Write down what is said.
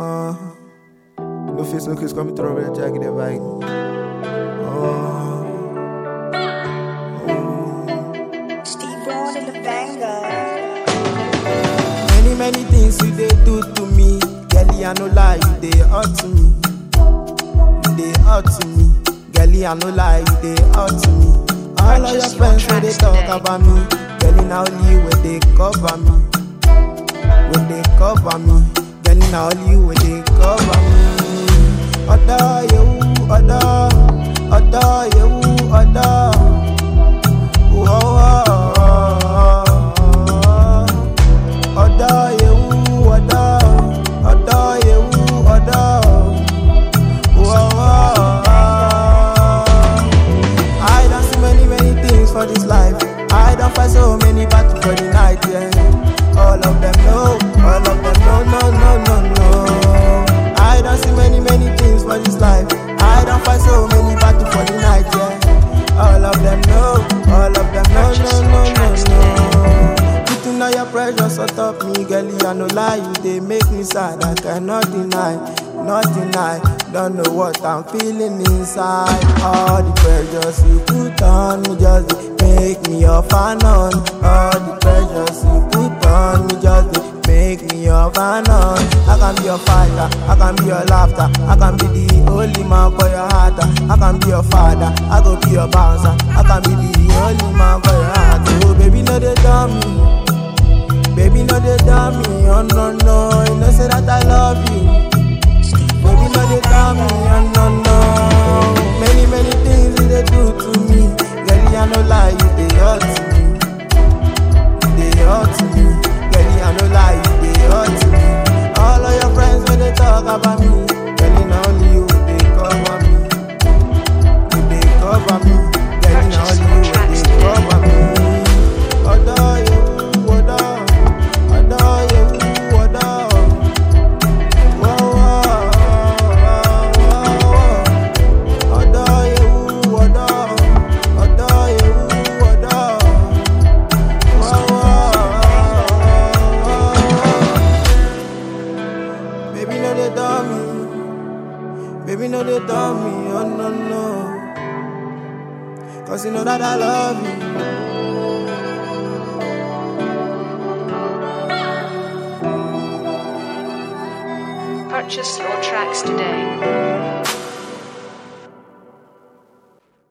Uh, no face, no coming through red jacket, uh-huh. the bike. Many, many things you they do to me. Girlie, I no lie, you they hurt to me. You they hurt to me. Girlie, I no lie, you they hurt to me. All of your friends when they talk today. about me. Girlie, now only when they cover me. When they cover me and all you they cover me. Other you, you, For this life, I don't fight so pressure sort of me, girl, I no lie. they make me sad, I cannot deny, not deny. Don't know what I'm feeling inside. All the pressures you put on me just make me your fan on. All the pressures you put on me just make me your fan on. I can be your fighter, I can be your laughter, I can be the only man for your heart. I can be your father, I go be your bouncer, I can be the only man for your heart. I love you. they dumb me. Baby, no, they dumb me. Oh, no, no. Cause you know that I love you. Purchase your tracks today.